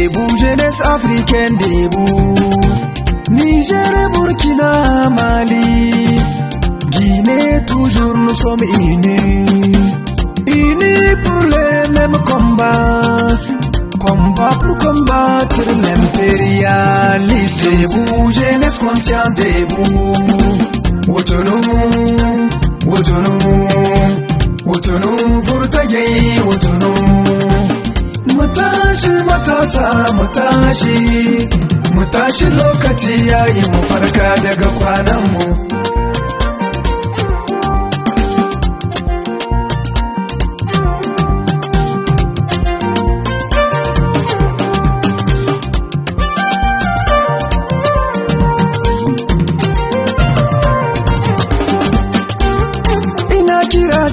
debout, jeunesse africaine debout. Niger Burkina, Mali, Guinée, toujours nous sommes unis. Unis pour les mêmes combats, combat pour combattre l'impérialisme. Debout, jeunesse consciente, debout. Autonome, autonome, autonome pour ta gueule, sa mu tashi mu tashi lokaci yayi mu farka daga kwanan mu ina kira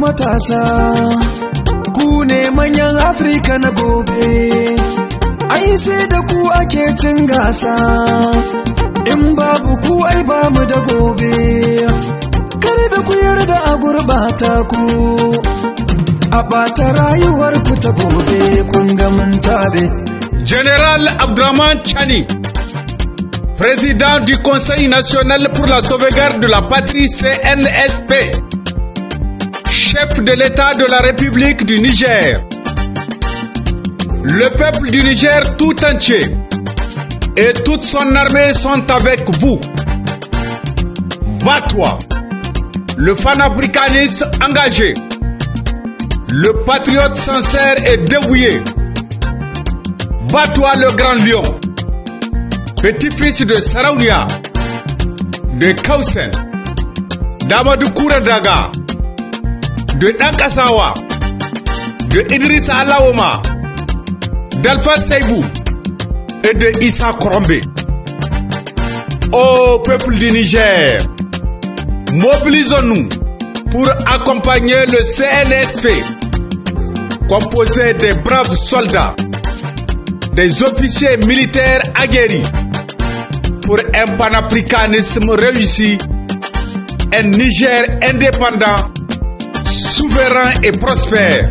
matasa ku ne manyan afirka na gobe ai sai da ku ake cin gasa in babu ku ai ba mu da gobe kar da ku yarda a gurbata ku a ɓata rayuwar ku ta gobe kun ga mun tabe general abdurrahman chani président du conseil national pour la sauvegarde de la patrie cnsp chef de l'État de la République du Niger, le peuple du Niger tout entier et toute son armée sont avec vous. Bat-toi le africaniste engagé, le patriote sincère et dévoué. Bat-toi le grand lion, petit-fils de Saraudia, de Kausen, d'Amadou Kouradaga de Dankasawa, de Idrissa Alaoma, d'Alpha Seibou et de Issa Korombe. Ô peuple du Niger, mobilisons-nous pour accompagner le CNSP, composé des braves soldats, des officiers militaires aguerris, pour un panafricanisme réussi, un Niger indépendant souverain et prospère.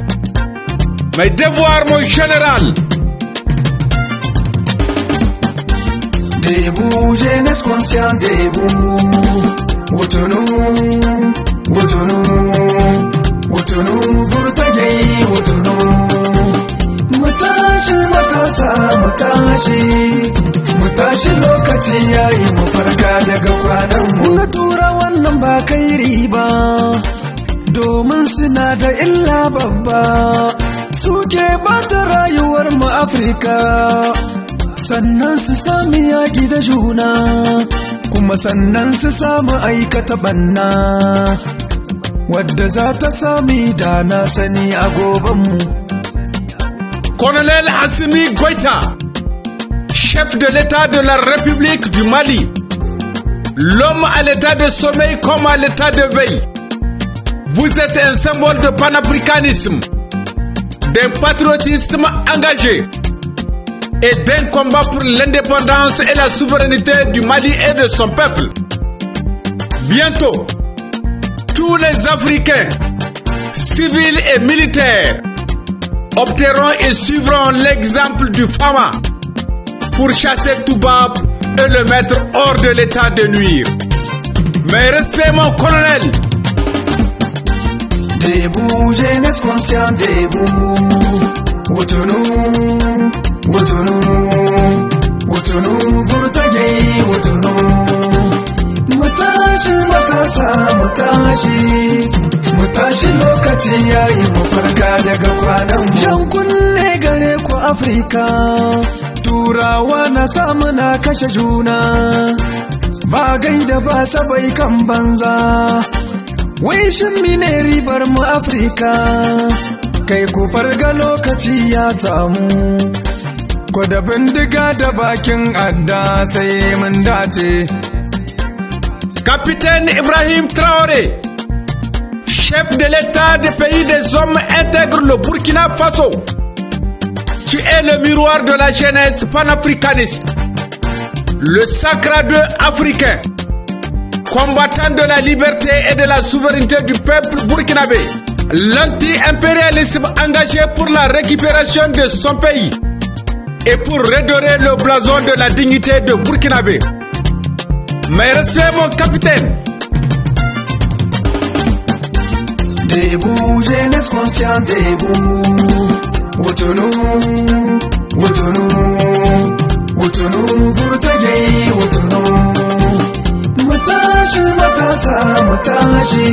Mes devoirs, mon général. Debout, jeunesse consciente, debout. matasa, mutashi, mutashi lokaci yayi mu daga kwanan mu. Ga ba kai riba. suna da illa babba suke bata rayuwar mu afirka sannan su sami yaƙi da juna kuma sannan su samu aikata banna wadda za ta sami da na sani a gobanmu Colonel Asimi Goita, chef de l'État de la République du Mali, l'homme à l'état de sommeil comme à l'état de veille. Vous êtes un symbole de panafricanisme, d'un patriotisme engagé et d'un combat pour l'indépendance et la souveraineté du Mali et de son peuple. Bientôt, tous les Africains, civils et militaires, opteront et suivront l'exemple du Fama pour chasser Toubab et le mettre hors de l'état de nuire. Mais respect mon colonel, Debu jeunesse consciente, debout. Autonom, Wotonu Wotonu pour ta gaye, autonom. Matashi, matasa, mutashi mutashi lokaci yayi mu farka daga kwanan mu. Jan kunne gare ku Afrika. turawa na samu kashe juna ba gaida ba sabai kan banza Wai shin mine ribar mu Afrika. kai ku farga lokaci ya samu. Ku da bindiga da bakin adda sai mun dace. Kapiten Ibrahim Traore, chef de l'État de pays des hommes intègre le Burkina Faso. Tu es le miroir de la jeunesse panafricaniste, le sacre africain. combattant de la liberté et de la souveraineté du peuple burkinabé, l'anti-impérialisme engagé pour la récupération de son pays et pour redorer le blason de la dignité de Burkinabé. Mais restez mon capitaine. Debout, jeunesse consciente, debout. nous nous mu tashi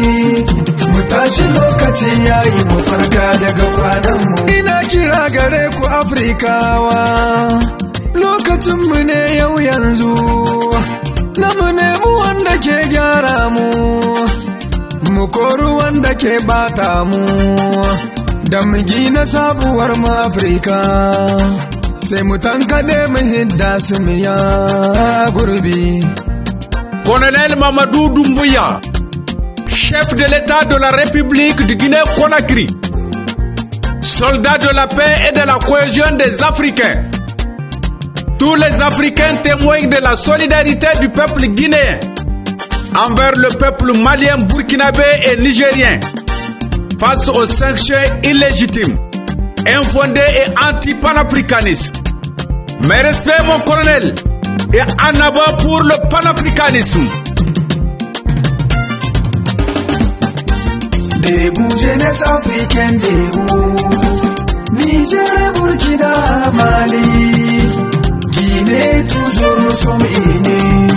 mu tashi lokaci yayi mu farka daga kwanan mu ina kira gare ku afrikawa lokacin mu ne yau yanzu na mu nemi wanda ke gyara mu mu koru wanda ke bata mu da mu gina sabuwar mu afrika sai mu tankaɗe mu hidda su miya gurbi. Colonel Mamadou Dumbuya chef de l'État de la République du Guinée-Conakry, soldat de la paix et de la cohésion des Africains. Tous les Africains témoignent de la solidarité du peuple guinéen envers le peuple malien, burkinabé et nigérien face aux sanctions illégitimes, infondées et anti-panafricanistes. Mes respects, mon colonel, et en avant pour le panafricanisme. Debu south Africaine Debu Niger Burkina Mali Guinée toujours nous sommes